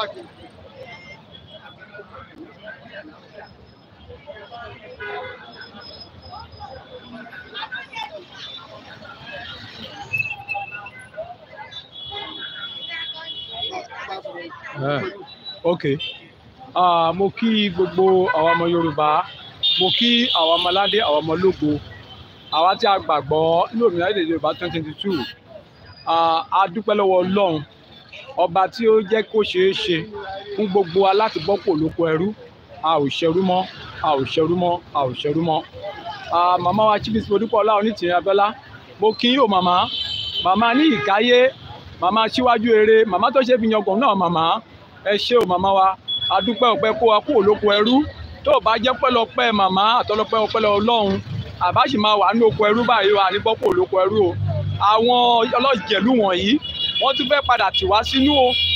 káàkiri. Uh, eh, ok uh, mo kí gbogbo àwọn ọmọ Yorùbá mo kí àwọn ọmọládé àwọn ọmọlógo àwa tí a gbàgbọ́ ní òmìnira èdè Yorùbá twenty twenty two a dúpẹ́ lọ́wọ́ Ọlọ́run ọba tí ó jẹ́ kó ṣeé ṣe fún gbogbo wa láti bọ́pò lóko ẹrú a ò ṣẹrú mọ́ a ò ṣẹrú mọ́ a ò ṣẹrú mọ́ màmá wa Chief Mrs Modúpẹ́ọlá Onítìrí Abíọ́lá mo kí yóò màmá màmá ní ìkáyé màmá síwájú eré màmá tó ṣe fi yangàn náà màmá ẹ ṣé o màmá wa adúpẹ́ ọpẹ́ kó wa kú òlóko ẹrú tó bá jẹ́ pẹ́lọpẹ́ màmá àtọ́lọpẹ́ ọpẹ́ Ọlọ́run àbá sì máa wà ní oko ẹrú báyìí wà ní bọ́pọ̀ òlóko ẹrú o àwọn ọlọ́jẹ̀lú wọ̀nyí wọ́n tún fẹ́ padà tì wá sínú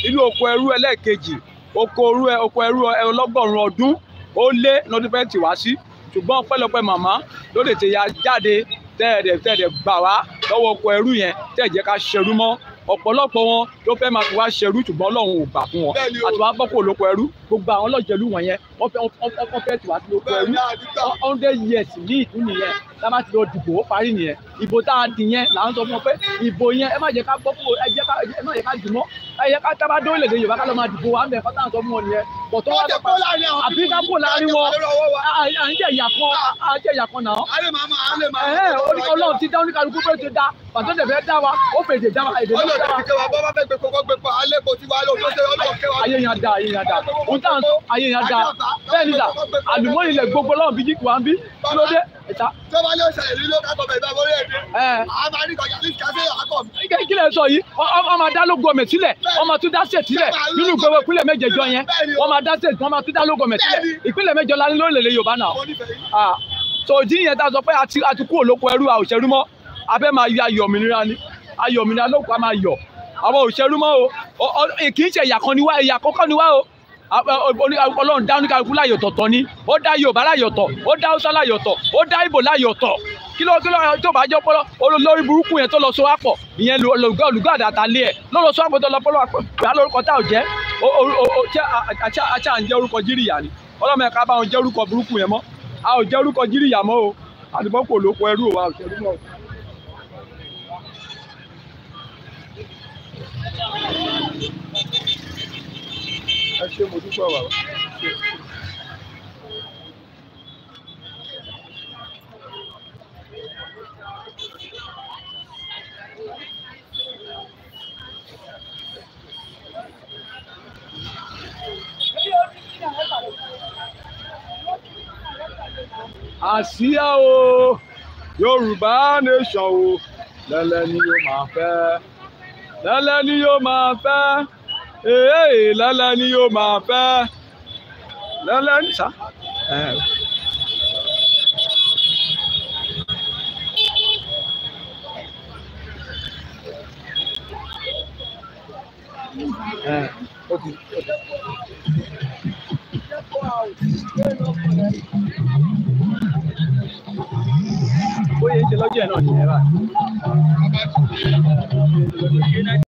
inú oko ẹrú ẹlẹ́ẹ̀kejì oko ẹrú oko ẹrú ọlọ́gọ́rùn ọdún ó lé náà tún fẹ́ tì wá sí ṣùgbọ́n pẹ́lọpẹ́ màmá ló lè tẹ̀yà jáde tẹ́ẹ̀dẹ̀ tẹ́ẹ̀dẹ̀ gbà wá lọ́wọ́ oko ẹrú yẹn tẹ́ẹ̀ jẹ́ ká ṣerú mọ́ ọ̀pọ̀lọpọ̀ wọn ló fẹ́ máa fi wá ṣerú ṣùgbọ́n ọlọ́run ò gbà fún wọn àti wàá bọ́ kó lóko ẹrú gbogbo àwọn ọlọ́jẹ̀lú wọn yẹn wọ́n fẹ́ tì wá sí lóko ẹrú hundred years ní ìtú nìyẹn tá a bá ti lọ dìbò ó parí nìyẹn ìbò tá a dì yẹn là ń sọ fún wọn pé ìbò yẹn ẹ má jẹ́ ká gbọ́ kó ẹ má jẹ́ ká dì mọ́ ẹ yẹ ká tábà dóòlè papọ̀ tó wá lọ́pàá àbí ká kó láàrin wọn à ń jẹ ìyà kan à ń jẹ ìyà kan náà. ọlọ́run ti dá oníkàlùkù pé ti dá pàtó tẹ̀ fẹ́ dá wa ó fè dè dá wa èdè ló dá wa. ọlọ́run ti wá bọ́ gbé kókó gbé pa alẹ́ kò ti wá lọ fún ṣe ọlọ́run kẹwàá. ayé yan da ayé yan da òun tàn ayé yan da bẹ́ẹ̀ ni sà àlùmọ́ọ̀nì lẹ̀ gbogbo ọlọ́run bí jíkù wá ń bí kí ló dé tó bá lè ṣẹlẹ̀ ní lókà gọ́ọ̀mẹ̀ ìgbà wọlé èdè a máa ní kọjá ní kásẹ̀ àkọ́ mi. kí lè sọ yìí wọ́n máa dá lógọ́mẹ̀ sílẹ̀ wọ́n máa tún dá sẹ̀ sílẹ̀ nínú gbogbo ìpínlẹ̀ mẹ́jẹ̀jọ yẹn wọ́n máa dá sẹ̀ wọ́n máa tún dá lógọ́mẹ̀ sílẹ̀ ìpínlẹ̀ mẹ́jọ la ní lórílẹ̀ Yorùbá náà so ìdí yẹn tá a sọ pé a ti kú òlóko ẹrú a òṣèrú mọ́ abẹ́ máa yọ ayọ̀ òmìnira ni ayọ̀ òmìnira lóko a máa yọ àwọn òṣèrú mọ́ o kì í ṣe ìyà kan ni wá ìyà kọ́kọ́ ni wá o ọlọ́run dá oníkàlùkù láyò tọ̀tọ̀ ni ó dá yorùbá láyò tọ̀ ó dá haúsá láyò tọ̀ ó dá ìbò láyò tọ̀ kí ló kí ló tó bá jọ pọlọ olórí burúkú yẹn tó lọ sọ àpọ̀ ìyẹn lùgbọ́ lùgbọ́ àdàtà lé ẹ̀ ló lọ sọ àpọ̀ tó lọ pọlọ àpọ̀ ìyá lórúkọ tá ò jẹ́ àti à ń jẹ́ orúkọ jíríyà ni ọlọ́mọ ẹ̀ka bá wọn jẹ́ orúkọ burúkú yẹn mọ́ a ò jẹ́ orúkọ jíríyà mọ́ o àdìbọ́pọ̀ ló kọ ẹrú o a ò jẹ́ orúkọ. ṣé mo dúpọ̀ bàbá. àsíá o yorùbá nation o lẹ́lẹ́ ni yóò máa fẹ́ lẹ́lẹ́ ni yóò máa fẹ́ ee lálẹ́ ni yóò máa fẹ́ lálẹ́ ní sá. bóyá ń ṣe lọ́jọ́ ẹ̀ náà nìyẹn báyìí.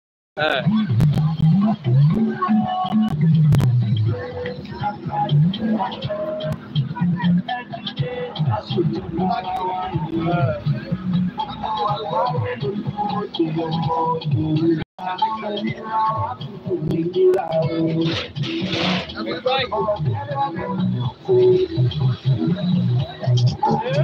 you.